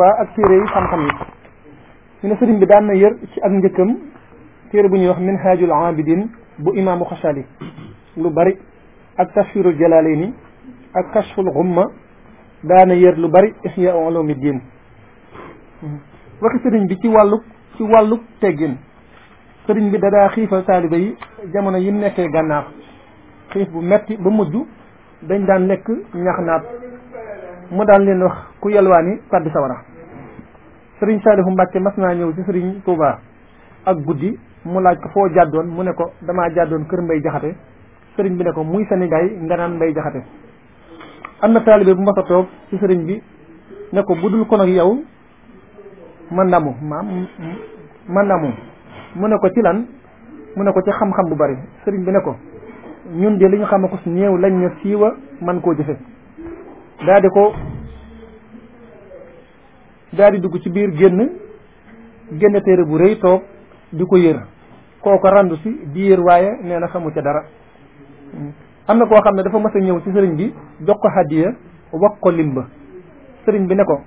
waa ak téere yi xam-xam yi ñu ne sëriñ bi daan na yër ci ak njëkkam téere bu ñuy wax minhajul abidin bu imaamu xasali lu bari ak tashfirul ni ak kashful xumma daana yër lu bari ihya ulumuddin waxi sëriñ bi ci wàllu ci wàllu teggin sëriñ bi dadaa xiifa taaliba yi jamono yim nekkee gànnaar xiif bu metti ba mujj dañ daan lekk ñax naat mu daan leen wax ku yalwaani tàbbi sawara sëriñ Saalihu Mbàkke mas naa ñëw ci sëriñ Touba ak guddi mu laaj ko foo jàddoon mu ne ko damaa jàddoon kër mbay jaxate sëriñ bi ne ko muy sanigaay nga naan mbay jaxate am na taalibe bu mas a toog ci sëriñ bi ne ko budul kon ak yow ma ndamu maam ma ndamu mu ne ko ci lan mu ne ko ci xam-xam bu bari sëriñ bi ne ko ñun de li ñu xam ko su néew lañ ne siiwa man koo jëfe daa ko daal dugg ci biir génn génn téere bu rëy toog di ko yër kooko randu si di yër waaye nee na xamu ca dara am na koo xam ne dafa mas a ñëw ci sëriñ bi jox ko hadiya wax ko limba sëriñ bi ne ko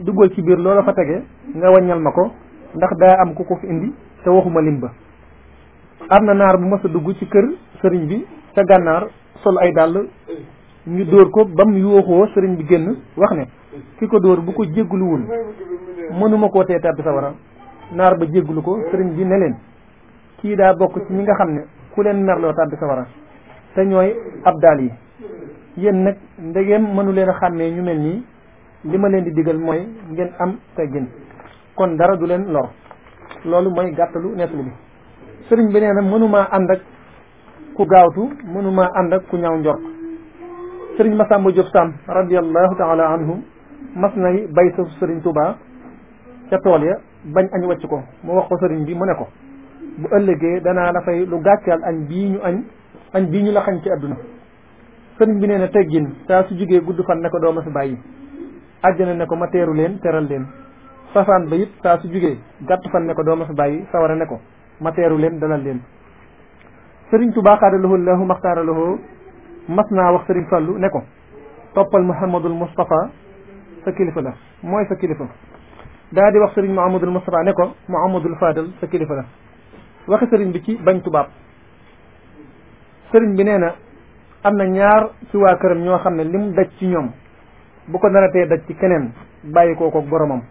duggal ci biir loola fa tege nga wàññal ma ko ndax daa am ku ko fi indi te waxuma limba am na naar bu mas a dugg ci kër sëriñ bi ca gànnaar sol ay dàll ñu dóor ko ba mu yuuxoo sëriñ bi génn wax ne ki ko dóor bu ko jéggluwul mënuma koo tee tàbbi wara naar ba jégglu ko sëriñ bi ne leen kii daa bokk ci ñi nga xam ne ku leen merloo tàbbi sawara te ñooy ab abdaal yi yéen nag ndegeem mënu leen a xàmmee ñu mel nii li ma leen di digal mooy ngeen am teggin kon dara du leen lor loolu mooy gàttalu nettali bi sëriñ bi nee na mënumaa ànd ak ku gaawtu mënumaa ànd ak ku ñaaw njort sëriñ Masamba Diop Sam radiallahu taala anhu mas nay bay sa sëriñ Touba ca tool ya bañ añ wàcc ko mu wax ko sëriñ bi mu ne ko bu ëllëgee danaa la fay lu gàcceel añ bii ñu añ añ bii ñu la xañ ci àdduna sëriñ bi nee na teggin saa su jugee gudd fan ne ko doo ma fi bàyyi àjjana ne ko ma teeru leen teral leen safaan ba it saa su jugee gàtt fan ne ko doo ma fi bàyyi sawara ne ko ma teeru leen dalal leen sëriñ Tuubaa xaadalahu lahu maxtaaralahu mas naa wax sëriñ Fallu ne ko toppal Muhammadul Mustafa sa kilifa la mooy sa kilifa daa di wax sëriñ Mouhamadul Moustapha ne ko Mouhamadul Fadal sa kilifa la waxi sëriñ bi ci bañ tubaab sëriñ bi nee na am na ñaar ci waa këram ñoo xam ne li daj ci ñoom bu ko naratee daj ci keneen bàyyi koo ko boromam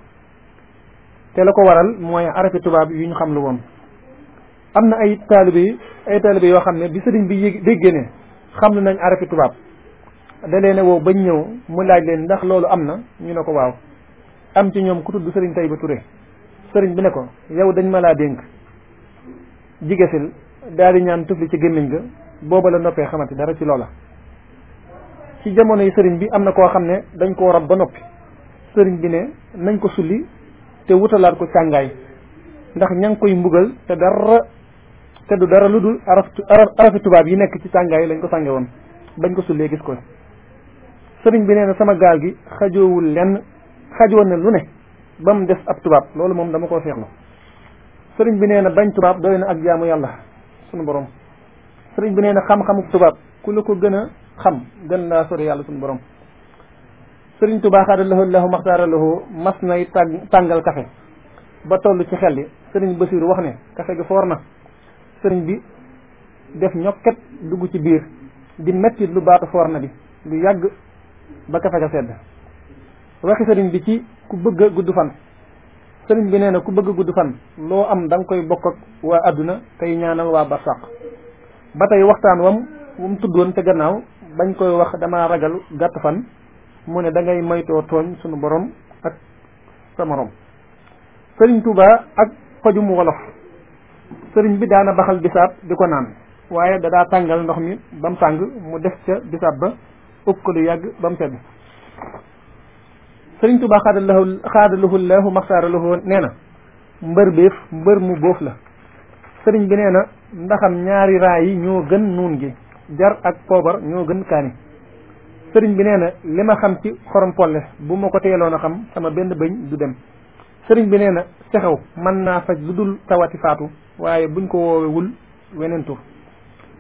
te la ko waral mooy arafi tubaab yu ñu xam lu woon am na ay taalibe ay taalibe yoo xam ne bi sëriñ bi yég déggee ne xam lu nañ arafi tubaab da leen a woo bañ ñëw mu laaj leen ndax loolu am na ñu ne ko waaw am ci ñoom ku tudd sëriñ ba ture sëriñ bi ne ko yow dañ ma laa dénk jigesil daal di ñaan tufli ci gémmiñ ga booba la noppee xamante dara ci loola ci jamono yi sëriñ bi am na koo xam ne dañ koo rab ba noppi sëriñ bi ne nañ ko sulli te wutalaat ko càngaay ndax ña ngi koy mbugal te dara te du dara lu dul araf arafi tubaab yi nekk ci càngaay lañ ko sànge woon bañ ko sullee gis ko sëriñ bi nee na sama gaal gi xajoowul lenn xajoon na lu ne ba mu des ab tubaab loolu moom dama ko seexlu sëriñ bi nee na bañ tubaab doy na ak jaamu yàlla sunu borom sëriñ bi nee na xam-xamu tubaab ku la ko gën a xam gën laa sori yàlla sunu boroom sëriñ tubaa xaadalaho lahu maxtaaralaho mas nay tàngal kafe ba toll ci xel yi sëriñ basiru wax ne kafe gi foor na sëriñ bi def ñokket dugg ci biir di mettit lu baatu foor na bi lu yàgg ba kafe ga sedd waxi sëriñ bi ci ku bëgg a gudd fan sëriñ bi nee na ku bëgg gudd fan loo am da koy bokk ak waa àdduna tey ñaanal waa barsàq ba tey waxtaan wam mu tuddoon te gannaaw bañ koy wax damaa ragal gàtt fan mu ne da ngay moytoo tooñ sunu borom ak sa morom sëriñ Touba ak fajum wolof sëriñ bi daana baxal bisaab di ko naan waaye da daa tàngal ndox mi bam sàng mu def ca bisaab ba ëpp ko lu yàgg ba mu tegu sëriñ Tuubaa xaadalahu xaadalahu laahu maxtaaralahu nee na mbër béef mbër mu boof la sëriñ bi nee na ndaxam ñaari raa yi ñoo gën nuun gi jar ak poobar ñoo gën kaani sëriñ bi nee na li ma xam ci xorom bu ma ko teeloon a xam sama benn bëñ du dem sëriñ bi nee na sexew mën naa faj lu dul tawati faatu waaye buñ ko woowewul weneen tur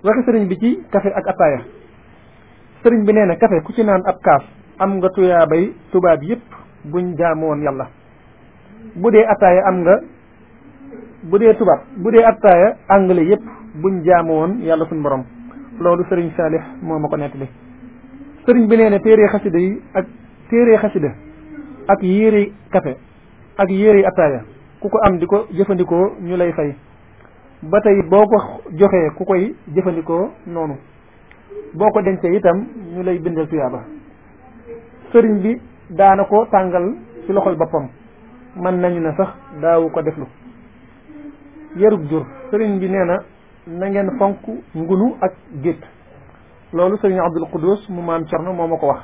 waxi sëriñ bi ci kafe ak attaaya sëriñ bi nee na kafe ku ci naan ab kaas am nga tuyaabay tubaab yépp buñ jaamoon yàlla bu dee ataaya am nga bu dee tubaab bu dee ataaya anglais yépp buñ jaamoon yàlla suñ borom loolu sëriñ Saalix moo ma ko nettali sëriñ bi nee na téere xasida yi ak téere xasida ak yére kafe ak yére ataaya ku ko am di ko jëfandikoo ñu lay fay ba tey boo ko joxee ku koy jëfandikoo noonu boo ko dencee itam ñu lay bindal tuyaaba sëriñ bi daana ko tàngal ci loxol boppam mën nañu ne sax daawu ko deflu yarub jur sëriñ bi nee na na ngeen fonk ngunu ak gétt loolu sëriñ Abdul Quddus mu maam Cerno moo ma ko wax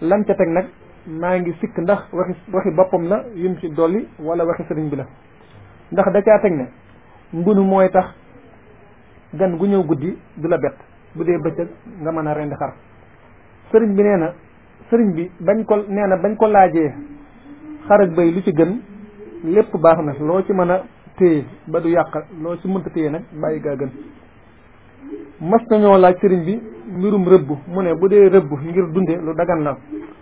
lam ca teg nag maa ngi sikk ndax waxi waxi boppam la yum ci dolli wala waxi sëriñ bi la ndax da teg na ngunu mooy tax gan gu ñëw guddi du la bett bu dee bëccëg nga mën a rend xar sëriñ bi nee na sëriñ bi bañ ko nee na bañ ko laajee xar ak lu ci gën lépp baax na loo ci mën a téye ba du yàq loo ci mënta téye nag bàyyi gaa gën mas nañoo laaj sëriñ bi mbirum rëbb mu ne bu dee rëbb ngir dunde lu dagan la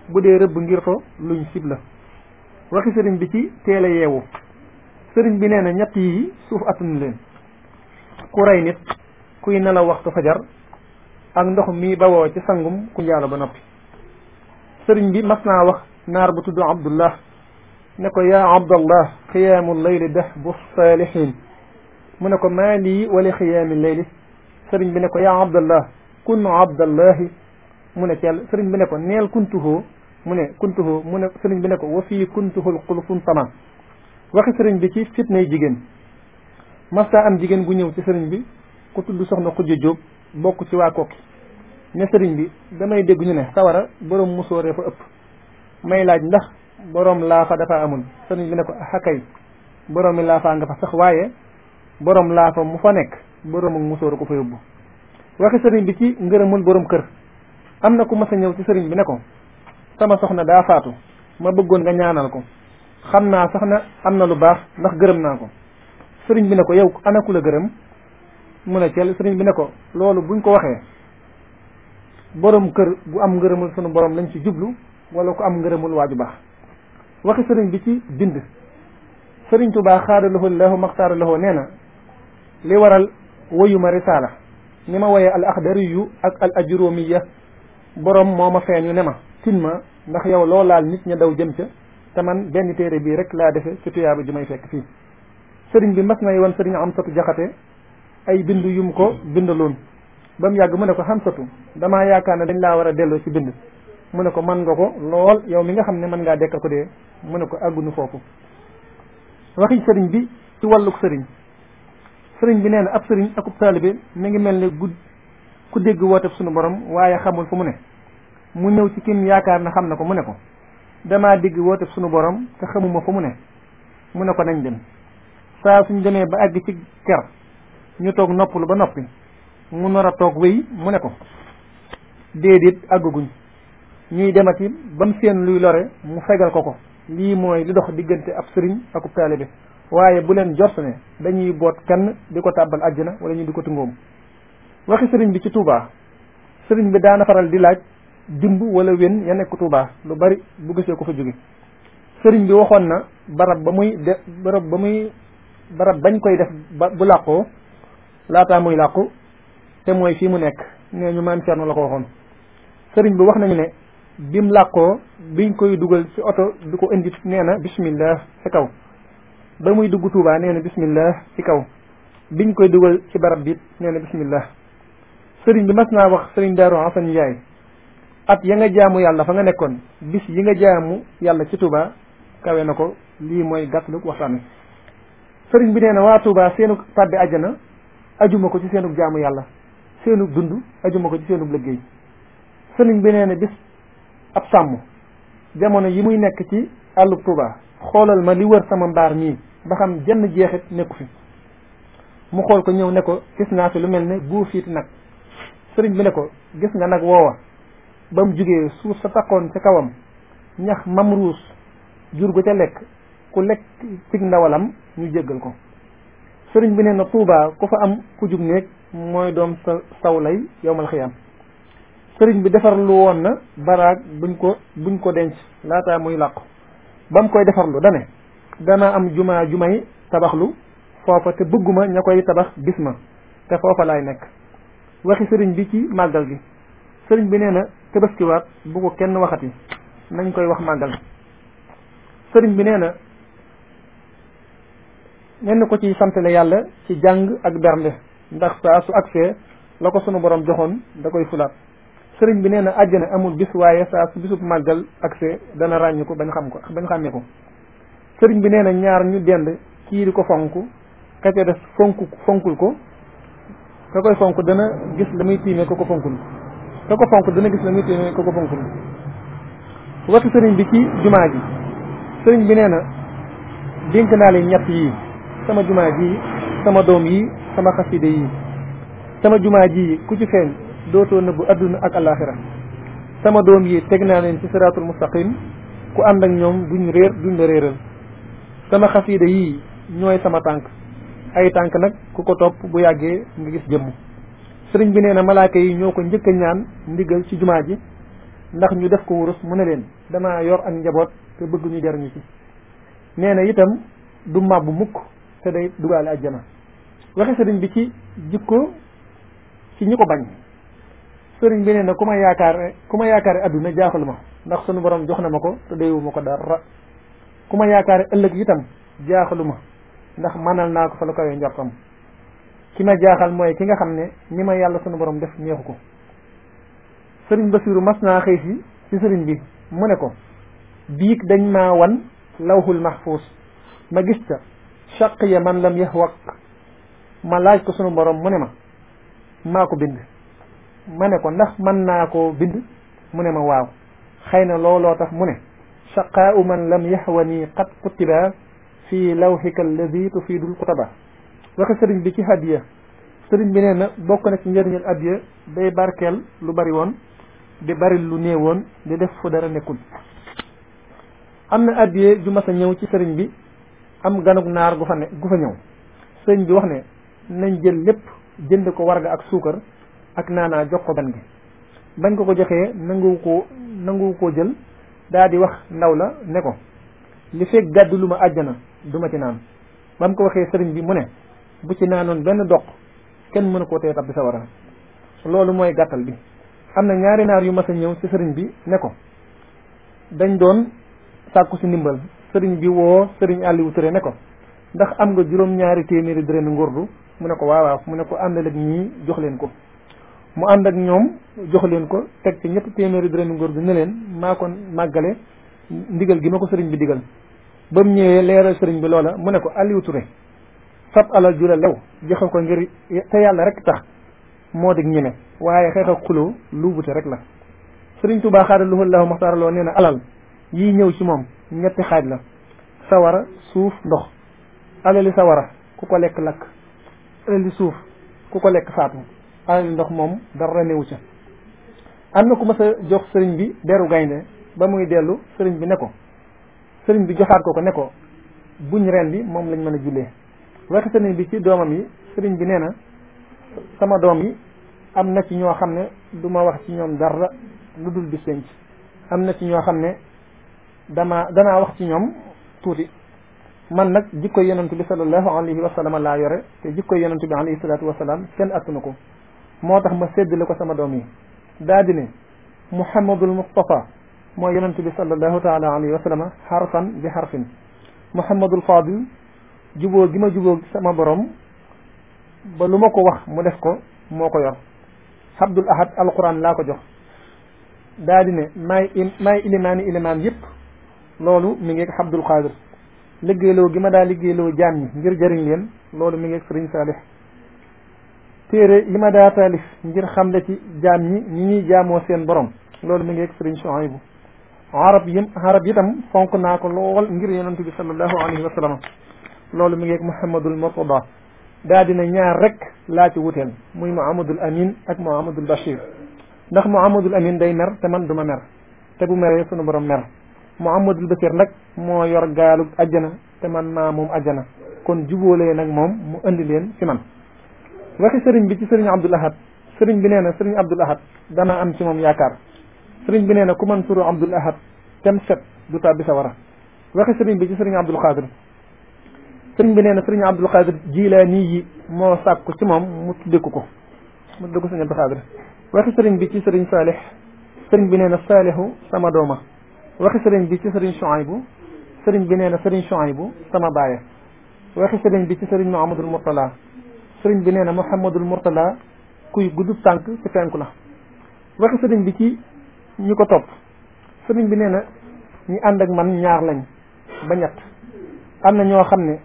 bu dee rëbb ngir ko luñ sib la waxi sëriñ bi ci teel a yeewu sëriñ bi nee na ñett yi suuf attanu leen ku rey nit kuy nelaw waxtu fajar ak ndox mii bawoo ci sangum ku njaalo ba noppi sëriñ bi mas naa wax naar bu tudd abdullah ne ko yaa abdallah xiyaamu layli dahbu saalihin mu ne ko maa lii wala xiyaami layli bi ne ko yaa abdallah kun abdallahi mu ne teel sëriñ bi ne ko mu ne kuntuhoo mu ne sëriñ bi ne ko wa fii kuntuhul xulufun sama waxi sëriñ bi ci fitnay jigéen mas naa am jigéen gu ñëw ci sëriñ bi ku tudd soxna ku jóob bokk ci waa kokki ne sëriñ bi damay dégg ñu ne sawara borom musóoree fa ëpp may laaj ndax laa laafa dafa amul sëriñ bi ne ko xakay boroomi laafaa nga fa sax waaye borom laafa mu fa nekk borom ak ko fa yóbbu waxi sëriñ bi ci ngërëmul borom kër am na ku mas a ñëw ci sëriñ bi ne ko sama soxna daa faatu ma bëggoon nga ñaanal ko xam naa sax na am na lu baax ndax gërëm naa ko sëriñ bi ne ko yow ana ku la gërëm mu ne cell sëriñ bi ne ko loolu buñ ko waxee boroom kër bu am ngërëmul sunu boroom lañ ci jublu wala ku am ngërëmul waaju baax waxi sëriñ bi ci bind sëriñ Tuubaa xaadalahu lahu maxtaara lahu nee na li waral woyuma risaala ni ma woyee al axdariyu ak al ajuroomiya borom moo ma feeñu ne ma tin ma ndax yow loo laal nit ña daw jëm ca te man benn téere bii rek laa defe ci tuyaaba ji may fekk fii sëriñ bi mas nay woon sëriñ am satu jaxate ay bind yum ko bindaloon ba mu yàgg mu ne ko xamsatu damaa yaakaar ne dañ laa war a delloo ci bind mu ne ko man nga ko lool yow mi nga xam ne mën ngaa dekkal ko dee mu ne ko àggunu foofu waxi sëriñ bi ci wàlluk sëriñ sëriñ bi nee na ab sëriñ akub taalibe mu ngi mel ne gudd ku dégg wooteb suñu borom waaye xamul fu mu ne mu ñëw ci kim yaakaar na xam na ko mu ne ko damaa dégg wooteb suñu borom te xamuma fu mu ne mu ne ko nañ dem saa suñ demee ba àgg ñu toog noppalu ba noppi mu nar a toog wéy mu ne ko déedéet àggaguñ ñuy demati ba mu seen luy lore mu fegal ko ko lii mooy li dox diggante ab sëriñ ak ub taalibe waaye bu leen jort ne dañuy boot kenn di ko tàbbal àjjana wala ñu di ko tungoom waxi sëriñ bi ci tuubaa sëriñ bi daana faral di laaj dimb wala wenn ya nekk Touba lu bari bu gisee ko fa jóge sëriñ bi waxoon na barab ba muy de barab ba muy barab bañ koy def ba bu làqoo laataa muy làqu te mooy fii mu nekk nee ñu maam Cerno la ko waxoon sëriñ bi wax nañu ne bim làqoo biñ koy dugal ci oto di ko indi nee na bismillah ci kaw ba muy dugg Tuubaa nee na bismillah ci kaw biñ koy dugal ci barab bi nee na bismillah sëriñ bi mas naa wax sëriñ Daaru ni jaay at ya nga jaamu yàlla fa nga nekkoon bis yi nga jaamu yàlla ci tuuba kawe na ko lii mooy gàttalu waxtaan sëriñ bi nee na waa Tuubaa seenu tàbbi àjjana ajuma ko ci seenub jaamu yàlla seenub dund ajuma ko ci seenub liggéey sëriñ bi nee na bis ab sàmm jamono yi muy nekk ci àllub Tuuba xoolal ma li wër sama mbaar mii ba xam jenn jeexit nekku fi mu xool ko ñëw ne ko gis naa fi lu mel ne buu fiit nag sëriñ bi ne ko gis nga nag woowa ba mu jugee suuf sa takkoon ca kawam ñax mam ruus jur gu ca lekk ku lekk cig ndawalam ñu jéggal ko sëriñ bi nee na Touba ko fa am ku jub néeg mooy doom sa saw lay yowmal xiyaam sëriñ bi defarlu woon na baraag buñ ko buñ ko denc laata muy làqu ba mu koy defarlu dane dana am jumaa ju may tabaxlu foofa te bëgguma ña koy tabax gis ma te foofa lay nekk waxi sëriñ bi ci màggal gi sëriñ bi nee na tëbaskiwaat bu ko kenn yi nañ koy wax màggal sëriñ bi nee na ngeen ko ci santale yàlla ci jàng ak bernde ndax saa su agsee la ko sunu borom joxoon da koy fulaat sëriñ bi nee na àjjana amul bis waaye saa su bisub màggal agsee dana ràññi ko bañ xam ko bañ xàmmee ko sëriñ bi nee na ñaar ñu dend kii di ko fonk ka ca des fonk fonkul ko ka koy fonk dana gis la muy tiimee ko ko fonkul ka ko fonk dana gis la muy tiimee ko ko fonkul watu sëriñ bi ci jumaa ji sëriñ bi nee na dénk naa leen ñett yii sama jumaa ji sama doom yi sama xaside yi sama jumaa ji ku ci feeñ dootoo nëbbu adduna ak alaxira sama doom yi teg naa leen ci siraatul mustaqim ku ànd ak ñoom duñ réer duñ la réeral sama xaside yi ñooy sama tànk ay tànk nag ku ko topp bu yàggee nga gis jëmm sëriñ bi nee na malaaka yi ñoo ko njëkk a ñaan ndigal ci jumaa ji ndax ñu def ko wurus mu ne leen damaa yor ak njaboot te bëgg ñu jariñu ci nee na itam du màbbu mukk te day dugaale ajjana waxe sëriñ bi ci jikko ci ñi ko bañ sëriñ bi nee na ku ma yaakaar ku ma yaakaare adduna jaaxul ma ndax sunu borom jox na ma ko te déewu ma ko dara ku ma yaakaare ëllëg itam jaaxalu ma ndax manal naa ko fa lu kawee njortam ki ma jaaxal mooy ki nga xam ne ni ma yàlla sunu borom def ñeexu ko sëriñ Basiru mas naa xëy si ci sëriñ bi mu ne ko biig dañ maa wan lawhul mahfuus ma gis ta shaqiya man lam yahwaq ma laaj ko sunu borom mu ne ma maa ko bind ma ne ko ndax man naa ko bind mu ne ma waaw xëy na looloo tax mu ne shaqaa'u man lam yahwani qad kutiba fii lawhika alladi tufidul kutaba waxe sëriñ bi ci hadiya sëriñ bi nee na bokk na ci njëriñal hadiya day barkeel lu bari woon di bari lu néewoon di def fu dara nekkul am na hadiya ju mas a ñëw ci sëriñ bi am ganug naar gu fa ne gu fa ñëw sëñ bi wax ne nañ jël lépp jënd ko war warga ak suukar ak naanaa jox ko gan gi bañ ko ko joxee nanguwu ko nanguwu koo jël daa di wax ndaw la ne ko li fekk gàddu lu ma àjjana du ma ci naan ba mu ko waxee sëriñ bi mu ne bu ci naanoon benn doq kenn mënu ko tee tab bi sa wara loolu mooy gàttal bi am na ñaari naar yu mas a ñëw ci sëriñ bi ne ko dañ doon sàkku ci ndimbal sëriñ bi woo sëriñ Aliou Touré ne ko ndax am nga juróom-ñaari téeméeri dërëm ngordu mu ne ko waawaaw mu ne ko àndal ak ñii jox leen ko mu ànd ak ñoom jox leen ko teg ci ñetti téeméeri dërëm ngordu ne leen maa ko màggale ndigal gi ma ko sëriñ bi digal ba mu ñëwee leeral sëriñ bi loola mu ne ko Aliou Touré fab alal ju lew joxe ko ngir te yàlla rek tax moo di ñeme waaye xeex ak xuloo luubute rek la sëriñ Tuubaa xaada luhu lahu maxtaaraloo nee na alal yi ñëw ci moom ñetti xaaj la sawara suuf ndox alali sawara ku ko lekk lakk alali suuf ku ko lekk faatu alali ndox moom dara newu ca am na ku mas jox sëriñ bi deru gaynde ba muy dellu sëriñ bi ne ko sëriñ bi joxaat ko ko ne ko buñ ren bi moom lañ mën a jullee wax sëriñ bi ci doomam yi sëriñ bi nee na sama doom yi am na ci ñoo xam ne du ma wax ci ñoom dara lu dul bi senc am na ci ñoo xam ne dama danaa wax ci ñoom tuuti man nag jikko yonent bi sallallahu alayhi wa sallam laa yore te jikko yonent bi alayhi salaatu wa salaam kenn attuna ko moo tax ma séddale ko sama doom yi daa di ne muhammadul mustafa mooy yonent bi sallallahu taala alayhi wa sallam xarfan bi xarfin muhammadul fadil juboo gi ma juboo sama borom ba lu ma ko wax mu def ko moo ko yor abdul ahad alquran laa ko jox daa di ne maay maay ilimaani ilimaan yëpp loolu mi ngi ak Abdul Qadir liggéeyloo gi ma daa liggéeyloo jaam ñi ngir jëriñ leen loolu mi ngi ak Sëriñ téere yi ma daa taalif ngir xamle ci jaam ñi ñi ñuy jaamoo seen borom loolu mi ngi ak Sëriñ Shuaybu arab yi arab itam fonk naa ko lool ngir yonent bi sallallahu alayhi loolu sallam loolu mi ngi ak Muhammadul Murtada daa dina ñaar rek laa ci wuteel muy Muhammadul Amin ak Muhammadul Bachir ndax Muhammadul Amin day mer te man duma mer te bu meree sunu borom mer Muhammadul Bashir nag moo yor gaalug ajjana te man maa moom ajjana kon jubóolee nag moom mu indi leen ci man waxi sëriñ bi ci sëriñ Abdul Ahad sëriñ bi nee na sëriñ Abdul Ahad dana am ci moom yaakaar sëriñ bi nee na ku man turu Abdul Ahad tem set du tàbbi sa war a waxi sëriñ bi ci sëriñ Abdul Xaadir sëriñ bi nee na sëriñ Abdul Xaadir Jilaani yi moo sàkku ci moom mu tuddeku ko mu tuddeku sëriñ Abdul Xaadir waxi sëriñ bi ci sëriñ Saalix sëriñ bi nee na Saalixu sama dooma waxi sëriñ bi ci sëriñ Chouaïbou sëriñ bi nee na sëriñ Chouaïbou sama baay waxi sëriñ bi ci sëriñ Mouhamadul Mourtala sëriñ bi nee na Mouhamadul Mourtala kuy guddub tànk ci penku la waxi sëriñ bi ci ñu ko topp sëriñ bi nee na ñi ànd ak man ñaar lañ ba ñett am na ñoo xam ne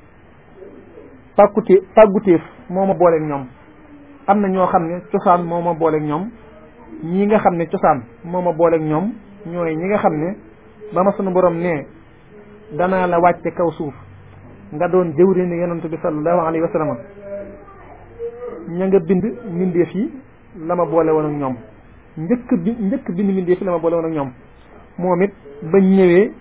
pàkkute pàgguteef moo ma booleeg ñoom am na ñoo xam ne cosaan moo ma booleeg ñoom ñi nga xam ne cosaan moo ma booleeg ñoom ñooy ñi nga xam ne ba ma sunu borom ne danaa la wàcce kaw suuf nga doon jëwrini yonent bi sallallahu alayhi wa sallam ña nga bind mbindeef yi la ma boole woon ak ñoom njëkk bi njëkk bind mbindeef yi la ma boole woon ak ñoom moom it bañ ñëwee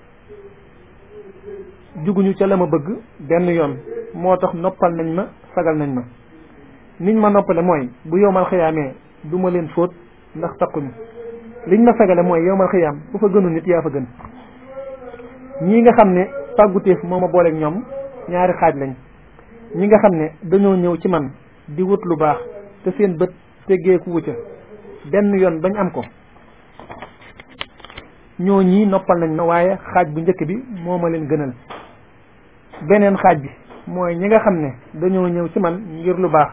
juguñu ca la ma bëgg benn yoon moo tax noppal nañ ma sagal nañ ma niñ ma noppale mooy bu yowmal xiyaamee du ma leen fóot ndax takkuñu liñ ma fegale mooy yow ma xiyaam ku fa gënu nit yaa fa gën ñii nga xam ne pàggutéef moo ma booleeg ñoom ñaari xaaj lañ ñi nga xam ne dañoo ñëw ci man di wut lu baax te seen bët teggeeku benn yoon bañ am ko ñoo ñii noppal nañ ma waaye xaaj bu njëkk bi moo ma leen beneen xaaj bi mooy ñi nga xam ne dañoo ñëw ci man ngir lu baax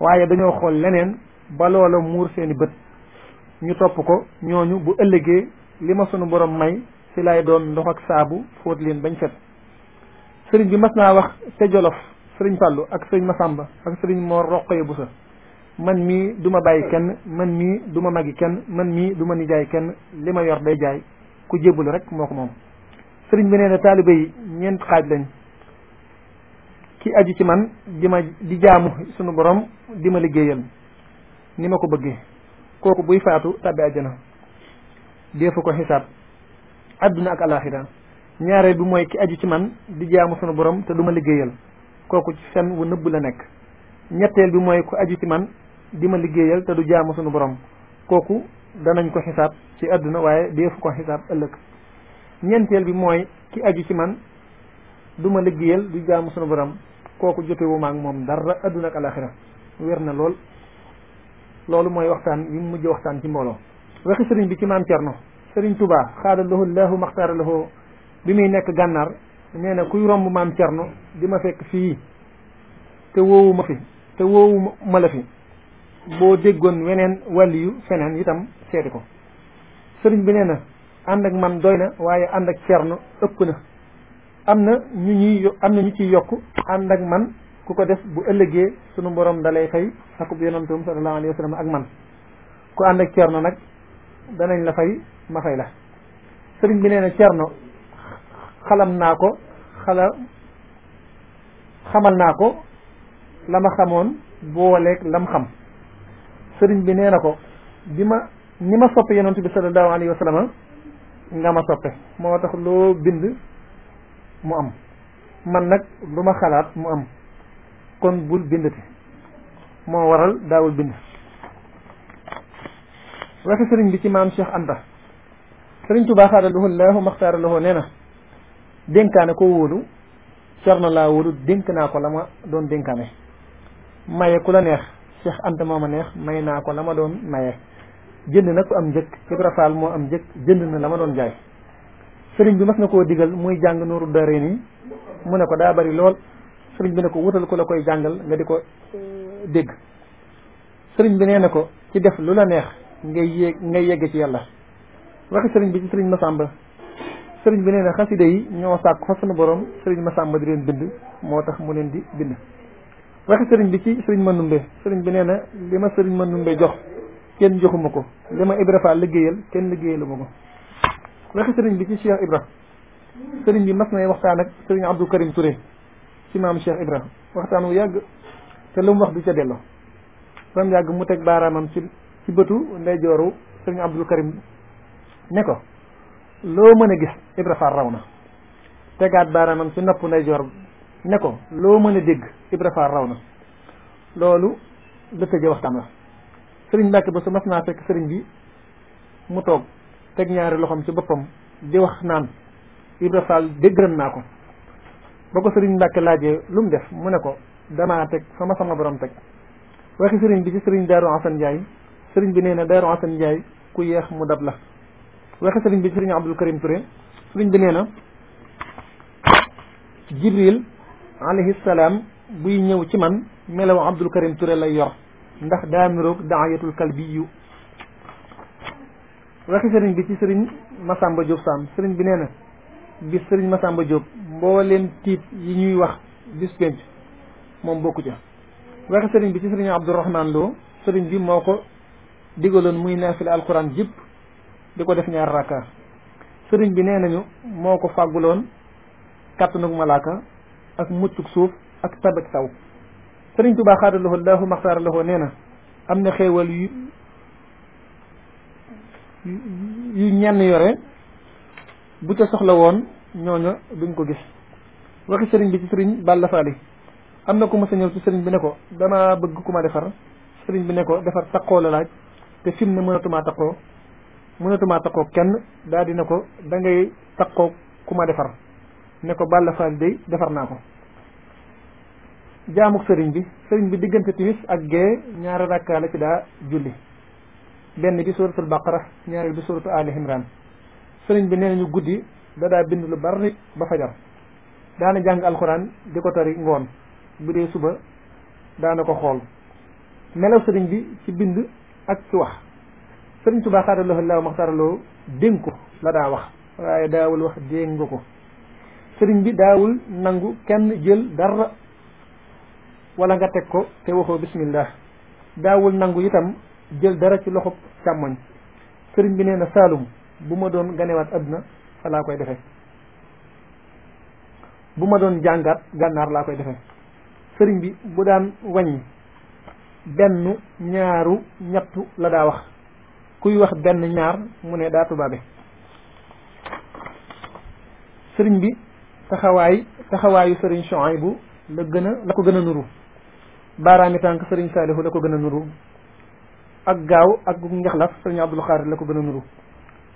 waaye dañoo xool leneen ba loola muur seeni bët ñu topp ko ñooñu bu ëllëgee li ma sunu borom may ci laay doon ndox ak saabu fóot leen bañ set sëriñ bi mas naa wax ca jolof sëriñ Fallou ak sëriñ Masamba ak sëriñ moo Mor bu Busa man mii du ma bàyyi kenn man mii du ma magi kenn man mii du ma nijaay kenn li ma yor day jaay ku jébbalu rek moo ko moom sëriñ bi nee na taalibe yi ñeent xaaj lañ ki aju ci man di ma di jaamu sunu borom di ma liggéeyal ni ma ko bëggee kooku buy faatu tàbbi àjjana deefu ko xisaab adduna ak alaxira ñaareel bi mooy ki aju ci man di jaamu sunu borom te du ma liggéeyal kooku ci fen la nekk ñetteel bi mooy aju man di liggéeyal te du jaamu sunu borom kooku danañ ko xisaab ci àdduna waaye deefu ko xisaab ëllëg ñeenteel bi mooy ki aju ci man duma liggéeyal du jaamu sunu borom kooku jote moom dara adduna ak alaxira wér na lool loolu mooy waxtaan wi mu mujj waxtaan ci mbooloo waxi sëriñ bi ci maam Cerno sëriñ Touba xaada lahu llahu maxtaara lahu bi muy nekk gànnaar nee na kuy romb maam Cerno di ma fekk fii te woowu ma fi te woowu ma la fi boo déggoon weneen wàll yu feneen itam seeti ko sëriñ bi nee na ànd ak man doy na waaye ànd ak Cerno ëpp na am na ñu ñuy am na ñu ciy yokk ànd ak man ku ko def bu ëllëgee sunu borom dalay fay akub yonantum sallallahu alayhi wa sallam ak man ku ànd ak cerno nag danañ la fay ma fay la sëriñ bi nee na cerno xalam naa ko xala xamal naa ko la ma xamoon booleeg lam xam sëriñ bi nee na ko bi ma ni ma soppe yonantu bi sallallahu alayhi wa sallam nga ma soppe moo tax loo bind mu am man nag lu ma xalaat mu am kon bul bindati moo waral daawul bind waxe sëriñ bi ci maam Cheikh Anta sëriñ Tuubaa xaadalahu laahu maxtaara lahu nee na dénkaane ko wóolu na laa wóolu dénk naa ko la ma doon dénkaane maye ku la neex Cheikh Anta moo ma neex may naa ko la ma doon maye jënd na ko am njëkk Ibra Faal moo am njëkk jënd na la ma doon jaay sëriñ bi mas na koo digal muy jàng nooru dare nii mu ne ko daa bari lool sëriñ bi ne ko wutal ko la koy jàngal nga di ko mm. dégg sëriñ bi nee na ko ci def lu la neex ngay yéeg ngay yegg ci yàlla waxi sëriñ bi ci sëriñ Masamba sëriñ bi nee na xasida yi ñoo sàkk fa sunu sëriñ di leen bind moo tax mu leen di bind sëriñ bi ci sëriñ Manumbe sëriñ bi nee na li ma sëriñ Manumbe jox kenn joxuma ko li ma Ibra Fall liggéeyal kenn liggéeyaluma ko waxi sëriñ bi ci Cheikh Ibra sëriñ bi mas nay waxtaan ak sëriñ Abdou Karim Touré ci maam Cheikh Ibrahima waxtaan wu yàgg te lu mu wax du ca delloo ba mu yàgg mu teg baaraamam ci ci bëtu ndeyjooru sëñ Abdul Karim ne ko loo mën a gis raw na tegaat baaraamam ci nopp ndeyjoor ne ko loo mën a dégg Ibra raw na loolu la tëjee waxtaan la sëriñ Mbàkke ba su mas naa fekk sëriñ bi mu toog teg ñaari loxoom ci boppam di wax naan Ibra Faal naa ko ba ko sëriñ Mbàkke laajee lu mu def mu ne ko damaa teg sama sama borom teg waxi sëriñ bi ci sëriñ Daaru Asan Njaay sëriñ bi nee na Daaru Asan Njaay ku yeex mu dab la waxi sëriñ bi ci sëriñ Abdul Karim Touré sëriñ bi nee na Jibril alayhi salaam ñëw ci man melaw Abdul Karim Touré lay yor ndax daa miroog bi ci sëriñ Masamba Diop Sam bi nee na bis sëriñ Masamba Diop mbooleem tiit yi ñuy wax bis moom bokku ca waxe sëriñ bi ci sëriñ Abdourahman Lo sëriñ bi moo ko digaloon muy naafila alquran jëpp di ko def ñaar rakka sëriñ bi nee nañu moo ko fàgguloon kàttanug malaaka ak muccuk suuf ak tabak taw sëriñ Tuubaa xaadaloho laahu maxtaara loxoo nee na am na xéewal yu yu ñenn yore bu ca soxla woon ñooña duñ ko gis waxi sëriñ bi ci sëriñ Balla Faali am na ku ma ñëw ci sëriñ bi ne ko damaa bëgg ku ma defar sëriñ bi ne ko defar taqoo la laaj te fi ne mënatumaa taqoo mënatumaa taqoo kenn daal di ne ko da ngay taqoo ku ma defar ne ko Balla Faali day defar naa ko jaamuk sëriñ bi sëriñ bi diggante timis ak gee ñaari rakkaa la ci daa julli benn bi suratul baqara ñaari bi suratu ali imran sëriñ bi nee nañu guddi da daa bind lu bari ba fajar daana jàng alxuraan di ko tari ngoon bu dee suba daana ko xool melaw sëriñ bi ci bind ak ci wax sëriñ Tuubaa xaadaloo laaw maxtaaraloo dénk ko la daa wax waaye daawul wax dénk ko sëriñ bi daawul nangu kenn jël dara wala nga teg ko te waxoo bismillah daawul nangu itam jël dara ci loxo càmmoñ sëriñ bi nee na Saalum bu ma doon ganewaat adduna fa laa koy defe bu ma doon jàngaat gànnaar laa koy defe sëriñ bi bu daan wañ benn ñaaru ñettu la daa wax kuy wax benn ñaar mu ne daa tubaabe sëriñ bi taxawaay taxawaayu sëriñ Chouaïbou la gën a la ko gën a nuru baaraami tànk sëriñ Saalihu la ko gën a nuru ak gaaw ak njaxlaf sëriñ Abdul Xaadir la ko gën a nuru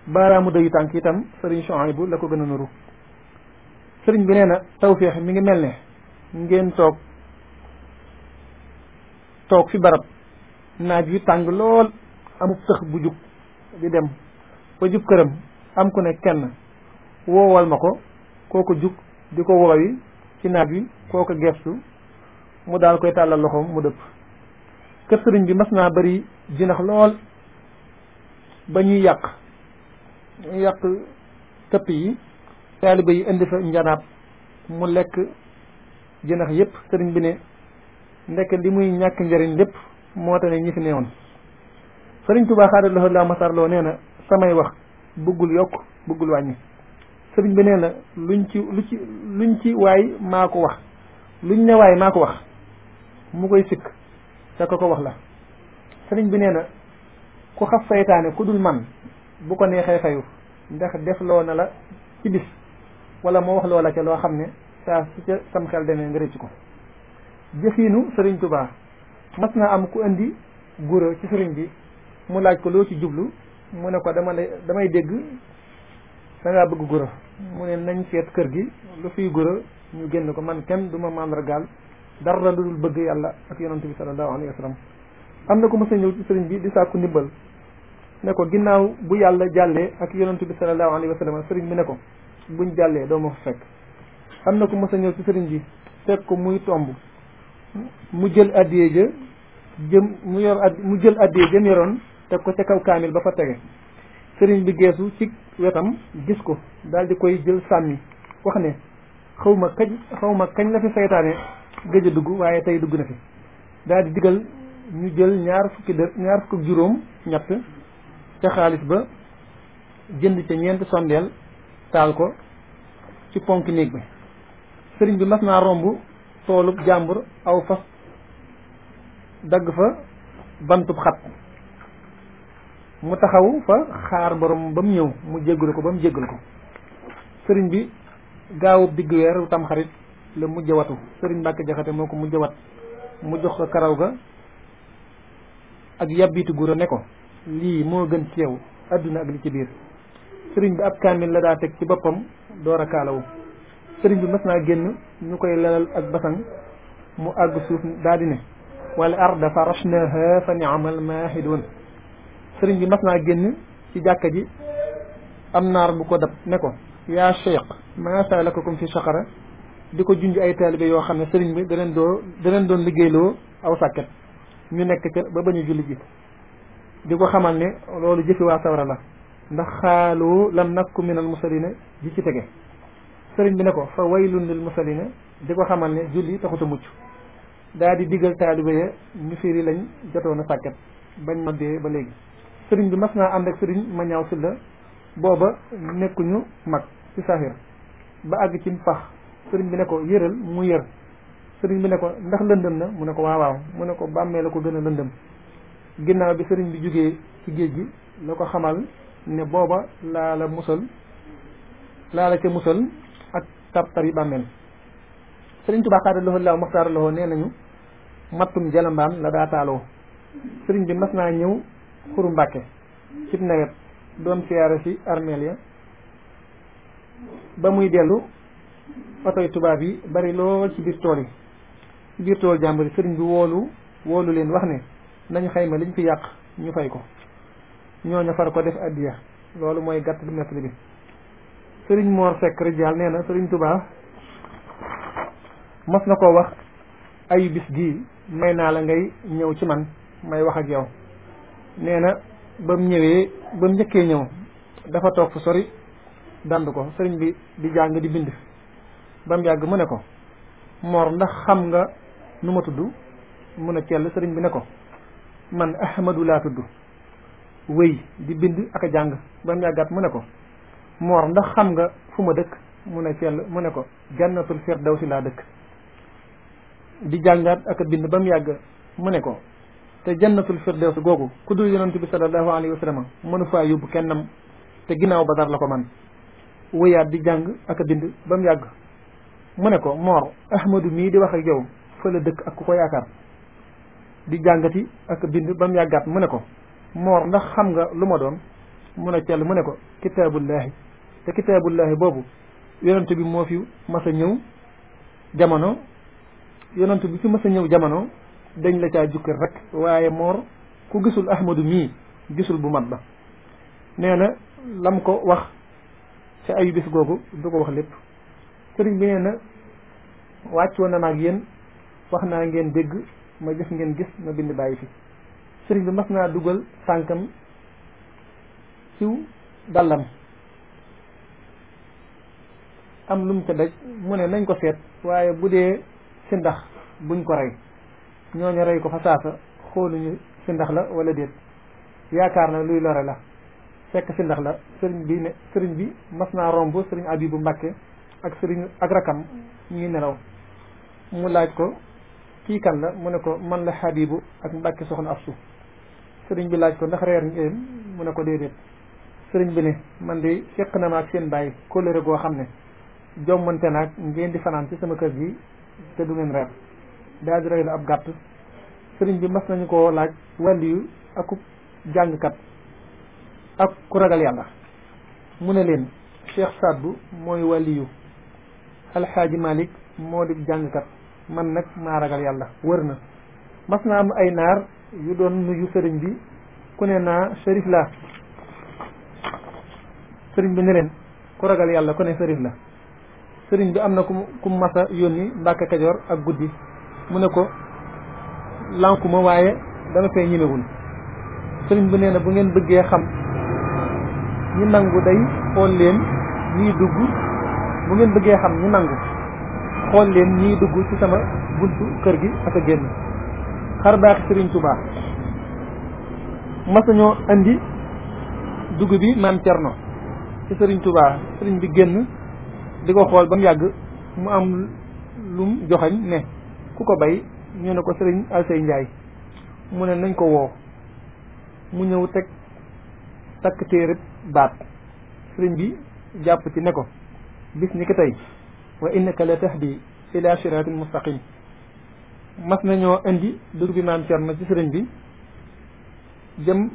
baaraamu dayu tànk itam sëriñ Chouaïbou la ko gën a nuru sëriñ bi nee na tawféex mi ngi mel ne ngeen toog toog fi barab naaj wi tàng lool amub tëx bu jub di dem ba jub këram am ku ne kenn woowal ma ko kooko jug di ko woowi ci naaj wi kooko gestu mu daal koy tàllal loxoom mu dëpp kër sëriñ bi mas naa bari jinax lool ba ñuy yàq yàq këpp yi taaliba yi indi fa njanaab mu lekk jinax yépp sëriñ bi ne ndekk li muy ñàkk njariñ lépp moo tax ne ñi fi neewoon sëriñ Tuubaa xaaral loxo laa masarloo nee na samay wax bëggul yokk bëggul wàññi sëriñ bi nee na luñ ci lu ci luñ ci waay maa ko wax luñ ne waay maa ko wax mu koy sikk te ko ko wax la sëriñ bi nee na ku xas saytaane ku dul man bu ko nee neexee fayu ndax defloo na la ci bis wala moo wax loo la ca loo xam ne saa su ca sam xel demee nga rëcc ko jëfiinu sëriñ tubaa mas na am ku indi guro ci sëriñ bi mu laaj ko loo ci jublu mu ne ko dama lay damay dégg da ngaa bëgg guro mu ne nañ seet kër gi lu fiy guro ñu génn ko man kenn du ma màndargaal dara lu dul bëgg yàlla ak yonante bi sa alayhi wa am na ko mos a ñëw ci sëriñ bi di sàkku ndimbal ne ko ginnaaw bu yàlla jàllee ak yonentu bi sallallahu alayhi wa sëriñ bi ne ko buñ jàllee doo ma fa fekk am na ko mos a ñëw ci sëriñ bi fekk ko muy tomb mu jël addiyee ja jëm mu yor ad jël addiyee jëm yoroon teg ko ca kaw kaamil ba fa tege sëriñ bi geesu ci wetam gis ko daal di koy jël sàmmi wax ne xaw ma kañ xaw ma kañ la fi saytaane gëj dugg waaye tey dugg na fi daal di digal ñu jël ñaar fukki dër ñaar fukki juróom ñett ca xaalis ba jënd ca ñeenti sondeel taal ko ci ponk néeg bi sëriñ bi mas naa romb toolub jàmbur aw fas dagg fa bantub xat mu taxaw fa xaar borom ba mu ñëw mu jéggalu ko ba mu jéggalu ko sëriñ bi gaawub diggu weeru tamxarit la mujj watu sëriñ Mbàkke Jaxate moo ko mujj wat mu jox ko karaw ga ak yàbbiitu gura ne ko lii moo gën ci yow adduna ak li ci biir sëriñ bi ab kaamil la daa teg ci boppam door a kaalawu sëriñ bi mas naa génn ñu koy lalal ak basan mu àgg suuf di ne wala arda farashnaha fa bi mas naa génn ci jàkka ji am naar bu ko dab ne ko yaa cheikh ko salakakum fi saqara di ko junj ay taalibe yoo xam ne sëriñ bi da leen doo da leen doon liggéeyloo aw sàkket ñu nekk ca ba bañu julli ji di ko xamal ne loolu jëfi waa sawara la ndax xaalu lam nakku min al musalina di ci tege sëriñ bi ne ko fa waylun lil musalina di ko xamal ne julli taxut a mucc daa di digal taalibe ya ñu firi lañ jotoon a sàkket bañ ma dee ba léegi sëriñ bi mas naa am ak sëriñ ma ñaaw si la booba nekkuñu mag ci saaxir ba àgg ci pax sëriñ bi ne ko yëral mu yër sëriñ bi ne ko ndax lëndëm na mu ne ko waaw mu ne ko bàmmee la ko gën a lëndëm ginnaaw bi sëriñ bi jógee ci géej gi la ko xamal ne booba laa la musal laa la ca musal ak tab tabi bàmmeel sëriñ Tuubaa xaada loxo laaw maxtaara loxo nee nañu mattum jalambaam la daa sëriñ bi mas naa ñëw xuru mbàkke cib nawet doon siyaare si armeel ya ba muy dellu otoy tubaab yi bari lool ci biir tool yi ci biir tool jàmbari sëriñ bi woolu woolu leen wax ne nañu xayma liñ fi yàq ñu fay ko ñooñu far ko def addiya loolu mooy gàtt gàttal nettali bi sëriñ Mor Seck Rijaal nee na sëriñ Tubaa mos na ko wax ayu bis gii may naa la ngay ñëw ci man may wax ak yow nee na ba mu ñëwee ba mu njëkkee ñëw dafa toog fu sori dand ko sëriñ bi di jàng di bind ba mu yàgg mu ne ko Mor ndax xam nga nu ma tudd mu ne cell sëriñ bi ne ko man ahmadu laa tudd wéy di bind ak a jàng ba mu yàggaat mu ne ko moor ndax xam nga fu ma dëkk mu ne fell mu ne ko jannatul si laa dëkk di jàngaat ak a bind ba mu yàgg mu ne ko te jannatul firdawsi googu ku dul yonent bi sallallahu alayhi wa sallam mënu faa yóbbu kennam te ginnaaw ba dar la ko man wéyaat di jàng ak a bind ba mu yàgg mu ne ko moor ahmadu mii di wax ak yow fa la dëkk ak ku ko yaakaar di jàngati ak bind ba mu yàggaat mu ne ko moor ndax xam nga lu ma doon mun a cell mu ne ko kitaabullaahi te kitaabullaahi boobu yonent bi moo fi mas a ñëw jamono yonant bi fi mas a ñëw jamono dañ la caa jukki rek waaye moor ku gisul ahmadu mii gisul bu mat ba nee na lam ko wax ci ayu bis googu du ko wax lépp sëriñ bi nee na wàcc woon na maag yéen wax naa ngeen dégg ma jëf ngeen gis ma bind bàyyi fi sëriñ bi mas naa dugal tànkam siw dàllam am lu mu ca daj mu ne nañ ko seet waaye bu dee si ndax buñ ko rey ñooñu rey ko fa saasa xooluñu si ndax la wala déet yaakaar na luy lore la fekk si ndax la sëriñ bi ne sëriñ bi mas naa romb sëriñ bu Mbàkke ak sëriñ ak rakam ñuy nelaw mu laaj ko kii kan la mu ne ko man la Habibu ak Mbàkke soxna Afsu sëriñ bi laaj ko ndax reer ngeen mu ne ko déedéet sëriñ bi ne man de seq na ma ak seen bàyyi kóllëre goo xam ne jommante naag ngeen di fanaan ci sama kër gi te du ngeen reer daal di rey ab gàtt sëriñ bi mas nañu ko laaj wàlliyu ak ku jàngkat ak ku ragal yàlla mu ne leen Cheikh Sadbu mooy wàlliyu alxaaji Malik moo di jàngkat man nag maa ragal yàlla wër na mas naa am ay naar yu doon nuyu sëriñ bi ku ne naa sërif la sëriñ bi ne leen ku ragal yàlla ku ne la sëriñ bi am na ku ku masa yónni Mbàkke Kajoor ak guddi mu ne ko lankuma waaye dama fee ñimewul sëriñ bu nee na bu ngeen bëggee xam ñi nangu day xool leen ñiy dugg bu ngeen bëggee xam ñi nangu xool leen ñii dugg ci sama buntu kër gi ak a génn xar baax Sëriñ Tuubaa masañoo andi dugg bi maam Cerno ci Sëriñ Tuubaa sëriñ bi génn di ko xool ba mu yàgg mu am lum joxañ ne ku ko bay ñu ne ko Sëriñ Alsey Njaay mu ne nañ ko woo mu ñëw teg takk téere baat sëriñ bi jàpp ci ne ko bis ni ko tey wa innaka la tahdi ila siraatin mustaqim mas nañoo indi dur bi maam Cerno ci sëriñ bi jëm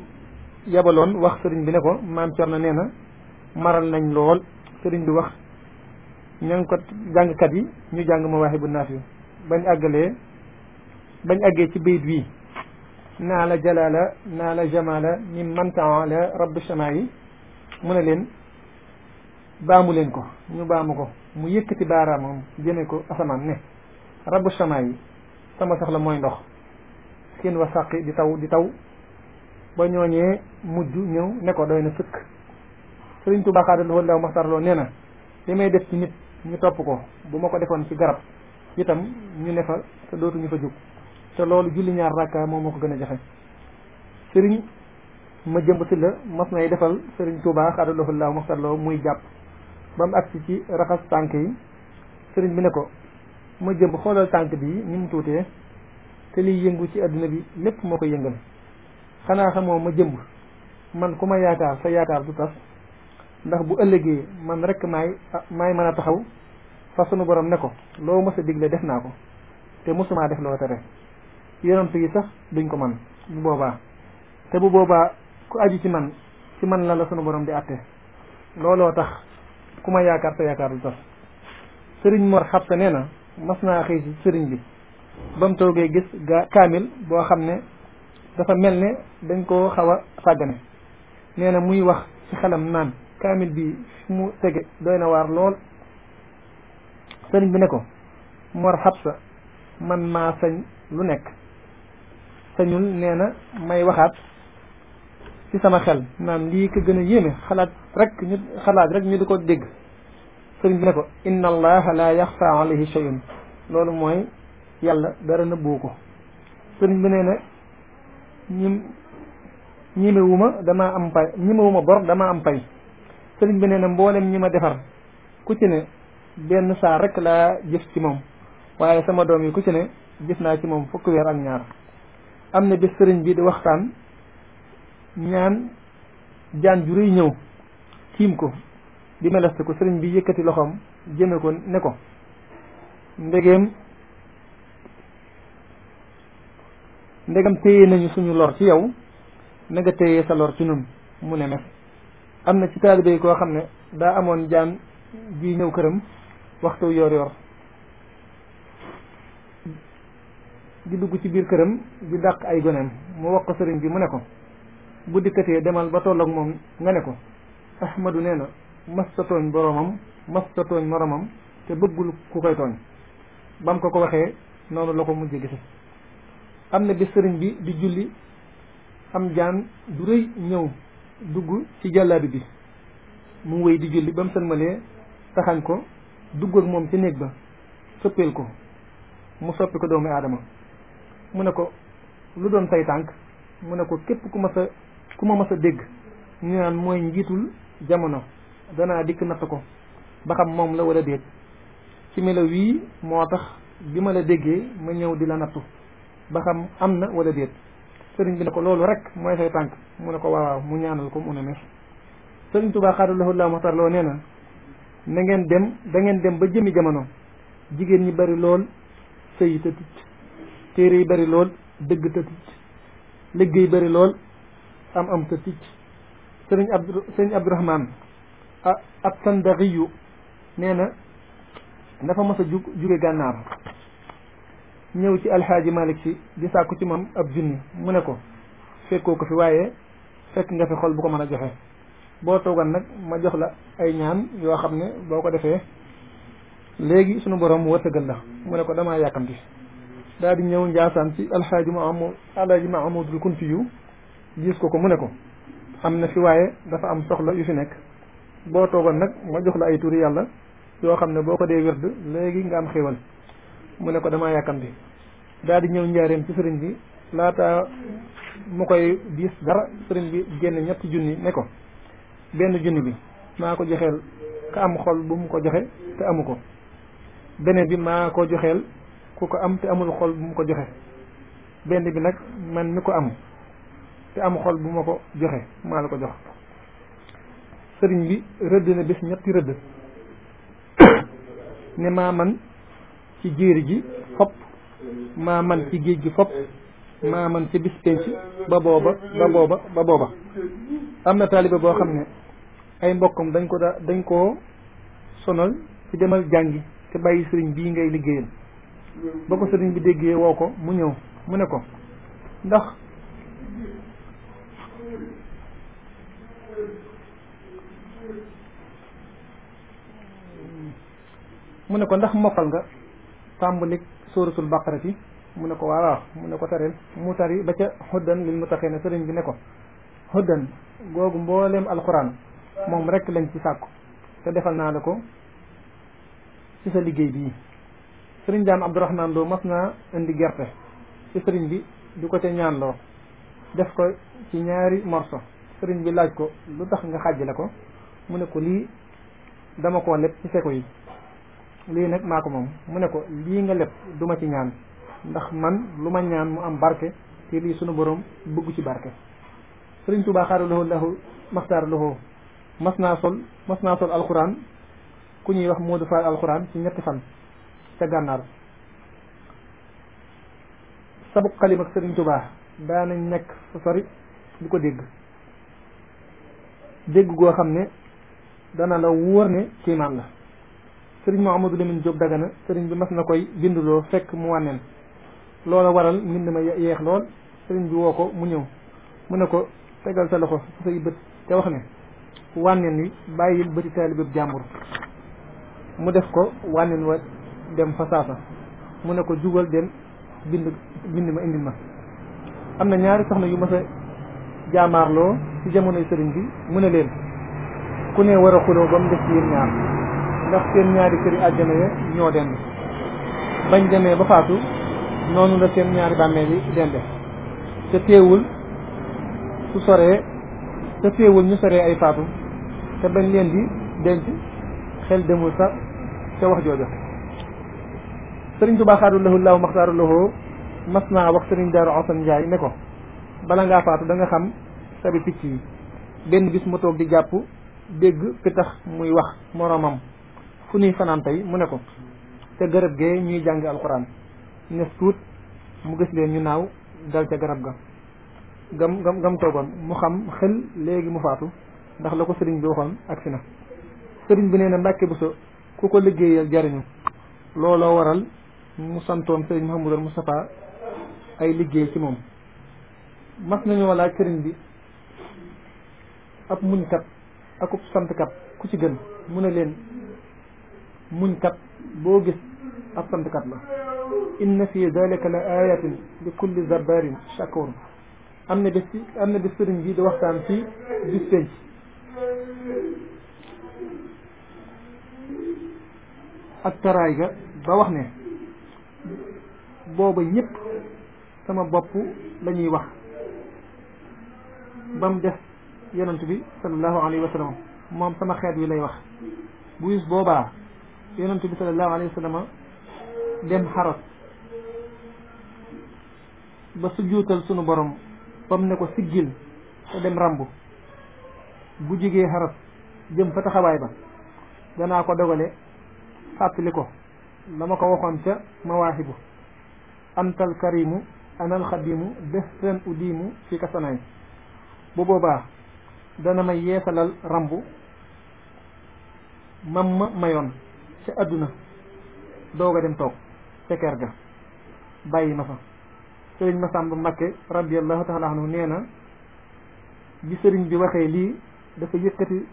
yabaloon wax sëriñ bi ne ko maam Cerno nee na maral nañ lool sëriñ bi wax ña ngi ko jàngkat yi ñu jàng mawaahibu naafi bañ àggalee bañ àggee ci bayit wii naa la jalaala naa la jamaala mim man taala rabbu samaa yi mu ne leen baamu leen ko ñu baamu ko mu yëkkati baaraamam jëme ko asamaan ne rabu samaa yi sama soxla mooy ndox seen wa sàqi di taw di taw ba ñooñee mujj ñëw ne ko doy na sëkk sëriñ Tuubaa xaadalowolu law maxtarloo nee na li may def ci nit ñu topp ko bu ma ko defoon ci garab itam ñu defal fa te dootuñu fa jóg te loolu julli ñaar rakka moom moo ko gën a jafe sëriñ ma jëmb si la mas nay defal sëriñ Tuubaa xaadalowulu law maxtarloo muy jàpp ba mu agsi ci raxas tànk yi sëriñ bi ne ko ma jëm xoolal tànk bi ni mu tuutee te liy yëngu ci àdduna bi lépp moo ko yëngal xanaa xamoo ma jëmb man ku ma yaakaar sa yaakaar du tas ndax bu ëllëgee man rekk maay maay mën a taxaw fa sunu borom ne ko loo mës a digle def naa ko te mësumaa def loo tere yonent yi sax duñ ko man bu boobaa te bu boobaa ku aju ci man ci man la la sunu borom di àtte looloo tax ku ma yaakaar te yaakaar lu tas sëriñ Mor Xabsa nee na mas naa xëy si sëriñ bi ba mu toogee gis gaa kaamil boo xam ne dafa mel ne dañ koo xaw sàggane nee na muy wax ci xelam naan kaamil bi mu tege doy na waar lool sëriñ bi ne ko Mor Xabsa man maa sañ lu nekk sañul nee na may waxaat ci sama xel naan lii ko gën a yéeme xalaat rek xalaat rek ñu di ko dégg sëriñ bi ne ko inna allaha la yaxfa alayhi shay'un loolu mooy yàlla dara nëbbu ko sëriñ bi nee na ñim ñimewuma damaa am pay ñimewuma bor damaa am pay sëriñ bi nee na mboolem ñi ma defar ku ci ne benn saa rek laa jëf ci moom waaye sama doom yi ku ci ne jëf naa ci moom fukki weer ak ñaar am na bés sëriñ bi di waxtaan ñaan jaan ju ñëw tiim ko di meleste ko sëriñ bi yëkkati loxoom jëme ko ne ko ndegem ndegam téye nañu suñu lor ci yow nag nga téye sa lor ci nun mu ne mes am na ci taalibe koo xam ne daa amoon jaan ji ñëw këram waxtu yoor yoor di dugg ci biir këram di dàq ay goneem mu wax ko sëriñ bi mu ne ko bu dikkatee demal ba tolloog moom nga ne ko ahmadu nee na masta tooñ boroomam masta tooñ moromam te bëggul ku koy tooñ ba mu ko ko waxee noonu la ko mujj gise am na bi sëriñ bi di julli am jaan du rëy ñëw dugg ci jàllaabi bi mu wéy di julli ba mu malee taxañ ko dugg ak moom ci néeg ba sëppeel ko mu soppi ko doomu aadama mu ne ko lu doon say tànk mu ne ko képp ku ma sa ku ma mas a dégg ñu naan mooy njiitul jamono danaa dikk natt ko ba xam moom la wala déet ci melo wii moo tax bi ma la déggee ma ñëw di la nattu ba xam am na wala déet sëriñ bi ne ko loolu rek mooy say tànk mu ne ko waawaaw mu ñaanal ko mu ne mes sëriñ Tuubaa xaadallahu laa maxtar loo nee na na dem dangeen dem ba jëmi jamono jigéen ñi bari lool sëy te ticc téere yi bari lool dëgg te ticc liggéey bari lool am am te ticc sëriñ Abdu at-Tandaxiyu nee na dafa mos a jug juge gànnaar ñëw ci alxaaji Malick si di sàkku ci moom ab junni mu ne ko fekkoo ko fi waaye fekk nga fi xol bu ko mën a joxe boo toogoon nag ma jox la ay ñaan yoo xam ne boo ko defee léegi sunu borom wërsëgal la mu ne ko damaa yàkkamti daal di ñëw njaasaan ci alxaaji ma amu alxaaji ma amadul kunti yu gis ko ko mu ne ko am na fi waaye dafa am soxla yu fi nekk boo toogoon nag ma jox la ay turi yàlla yoo xam ne boo ko dee wérd léegi nga am xéwal mu ne ko damaa yàkkamti daal di ñëw njaareem ci sëriñ bi laata mu koy diis dara sëriñ bi génn ñetti junni ne ko benn junni bi maa ko joxeel am xol bu mu joxe amu ko beneen bi maa ko joxeel ku ko am te amul xol bu mu ko joxe benn bi nag man mi ko am te am xol bu ma ko joxe maa la ko jox sëriñ bi rëdd na bés ñetti rëdd ne maa man ci jéeri ji fopp maa ci géej gi fopp maa man ci bis penc ba booba ba booba ba booba am na taalibe boo xam ne ay mbokkam dañ ko daa dañ koo sonal ci demal jàngi te bàyyi sëriñ bi ngay liggéeyal ba ko sëriñ bi déggee woo ko mu ñëw mu ne ko ndax mu ne ko ndax mokkal nga tàmbalik sóoratul baqara ci mu ne ko waaw mu ne ko tareel mu tari ba ca xuddan lil ne sëriñ bi ne ko xuddan googu mbooleem alxuraan moom rek lañ ci sàkku te defal naa la ko ci sa liggéey bii sëriñ daam abdourahman loo mas naa indi gerte ci sëriñ bi du ko ca ñaan loo def ko ci ñaari morso sëriñ bi laaj ko lu tax nga xàjj la ko mu ne ko lii dama koo leb ci seko yi lii nag maa ko moom mu ne ko lii nga lépp du ci ñaan ndax man lu ma ñaan mu am barke te lii sunu borom bëgg ci barke sëriñ Tuubaa xaara loxo lahu maxtaar loxo mas naa sol mas naa sol alxuraan ku ñuy wax Modou Fall alxuraan ci ñetti fan ca gànnaar sabuk xalim ak sëriñ Tuubaa daanañ nekk fa di ko dégg dégg goo xam ne dana la wóor ne kiimaan la sëriñ Mouhamadou Lamine Diop Dagana sëriñ bi mas na koy binduloo fekk mu wànneen loola waral mbind ma yeex lool sëriñ bi woo ko mu ñëw mu ne ko tegal sa loxo su say bët te wax ne wànneen wi bàyyil bëti taalibeb jàmbur mu def ko wànneen wa dem fa mu ne ko jugal dem bind bind ma indil ma am na ñaari soxna yu ma a jaamaarloo ci jamonoy sëriñ bi mu ne leen ku ne war a xuloo ba mu def ci yéen ñaar ndax seen ñaari këri àjjana ya ñoo dend bañ demee ba faatu noonu la seen ñaari bàmmeel yi dende te teewul su soree te teewul ñu soree ay faatu te bañ leen di denc xel demul sax te wax jooja sëriñ Tuubaa xaadu lahu laaw maxtaaru lahu mas naa wax sëriñ Daaru Asan Njaay ne ko bala ngaa faatu da nga xam sabi picc yi benn bis mu toog di jàpp dégg fi tax muy wax moroomam fu ñuy fanaan tey mu ne ko te garab gee ñuy jàng alxuraan nes tuut mu gis leen ñu naaw dal ca garab ga gam gam gam toogoon mu xam xel léegi mu faatu ndax la ko sëriñ bi waxoon ak si na sëriñ bi nee na mbàkke bu sa ku ko liggéeyal jariñu looloo waral mu santoon sëriñ Mouhamadou Moustapha ay liggéey ci moom mas nañoo laaj sëriñ bi ab muñkat akub santkat ku ci gën mu ne leen muñkat boo gis ab santkat la inna fi dalika la ayatin li kulli zabarin shakur am na bés am na bés sëriñ bi di waxtaan fii bis penc ak taraay ga ba wax ne booba ñëpp sama bopp la ñuy wax ba mu def yonent bi sallallahu alayhi wa sallam moom sama xeet wi lay wax bu bis boobaa yonent bi sallallahu alayhi wa sallam dem xaros ba su juutal borom bam ne ko siggil te dem rambu bu jigee xaros jëm fa taxawaay ba danaa ko dogale fàttali ko dama ko waxoon ca mawaahibu antal karimu anal xadimu destan udimu fi kasanaay bu boobaa dana may yeesalal ràmbu mam ma mayoon ca àdduna doog a dem toog ca kër ga bàyyi ma fa sëriñ Masamba Mbakke radiyallahu taala anhu nee na bi sëriñ bi waxee lii dafa yëkkati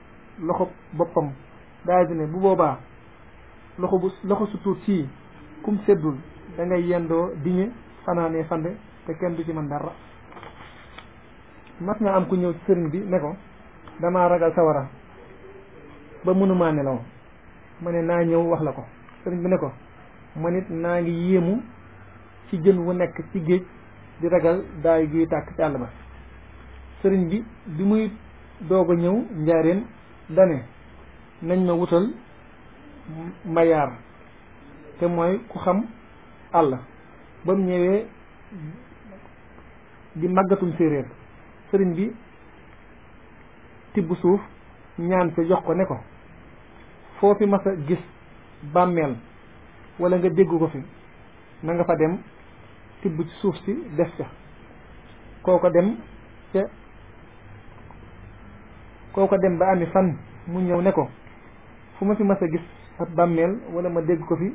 loxo boppam daal di ne bu boobaa loxo bu loxo su tuut sii kum seddul dangay ngay yendoo diñe fanaanee fande te kenn du ci mën dara mas naa am ku ñëw sëriñ bi ne ko damaa ragal sawara ba mënumaa nelaw ma ne naa ñëw wax la ko sëriñ bi ne ko ma nit naa ngi yéemu ci jën wu nekk ci géej di ragal daay guy tàkk ci ma sëriñ bi bi muy doog a ñëw njaareen dane nañ ma wutal mayaar te mooy ku xam àll ba mu ñëwee di màggatum séeréer sëriñ bi tibb suuf ñaan sa jox ko ne ko foo fi mas a gis bàmmeel walla nga dégg ko fi na nga fa dem tibb ci suuf si def ca kooko dem ca kooko dem ba ami fan mu ñëw ne ko fu ma fi mas a gis ab bàmmeel wala ma dégg ko fi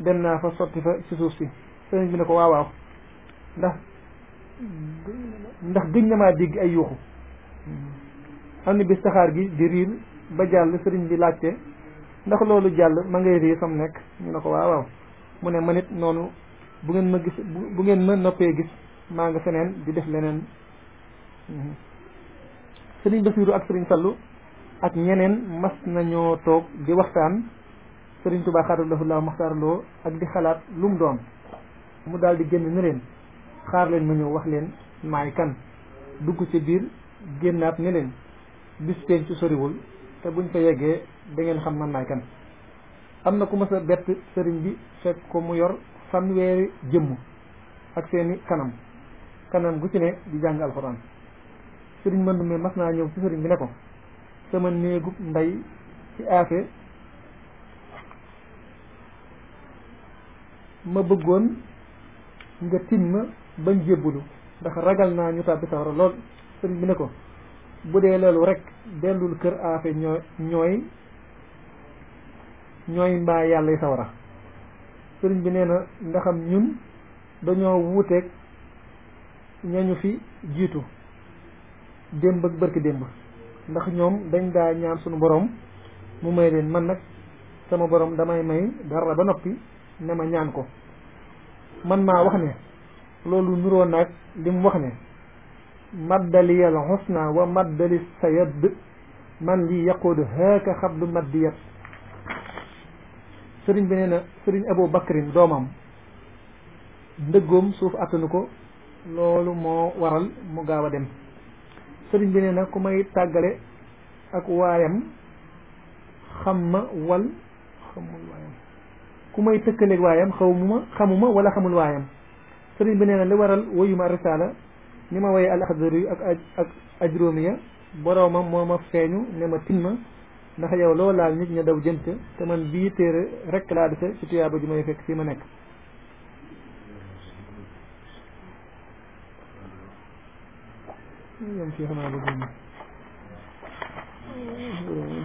dem naa fa sotti fa ci suuf si sëriñ bi ne ko waawaaw ndax ndax gëj na maa dégg ay yuuxu am na bis saxaar gi di riir ba jàll sëriñ bi laajte ndax loolu jàll ma ngay rii sam nekk ñu ne ko waaw waaw mu ne man it noonu bu ngeen ma gis bu ngeen ma noppee gis maa ngi seneen di def leneen mhm. sëriñ Basiiru ak sëriñ Fallu ak ñeneen mas nañoo toog di waxtaan sëriñ Tuubaa xaadallahu laa maxtaarloo ak di xalaat lu mu doon mu daldi di génn ne leen xaar leen ma ñëw wax leen maay kan dugg ci biir génnaat ne leen bis soriwul te buñ fa yeggee da ngeen xam man maay kan am na ku mës a bett sëriñ bi fekk ko mu yor fanweeri jëmm ak seeni kanam kanam gu ci ne di jàng alxuraan sëriñ man mi mas naa ñëw ci sëriñ bi ne ko sama néegub ndey ci aafe ma bëggoon nga ma bañ jébbulu ndax ragal naa ñu tàbbi sawara lool sëriñ bi ne ko bu dee loolu rek dellul kër aafe ñooy ñooy ñooy mbaa yàlla yi sawara sëriñ bi nee na ndaxam ñun dañoo wuuteeg ñañu fi jiitu démb ak bërki démb ndax ñoom dañ daa ñaan suñu borom mu may leen man nag sama borom damay may dara ba noppi ne ma ñaan ko man maa wax ne loolu nuroo naag li mu wax ne maddaliyal xusna wa maddali sayad man li yaquud haaka xablu maddiyat sëriñ bi nee na sëriñ Abu Bakrin doomam ndëggoom suuf attanu ko loolu moo waral mu gaaw a dem sëriñ bi nee na ku may tàggale ak waayam xam ma wal xamul waayam ku may tëkkaleeg waayam xamuma xamuma wala xamul waayam sëriñ bi nee na li waral woyuma risaala ni ma woyee al axdari ak ak ajróomiya boroomam moo ma feeñu ne ma tin ma ndax yow loo laal nit ña daw jëm ca te man bii téere rek laa dese ci tuyaaba ju may fekk fii ma nekk yam fii xanaa bëgg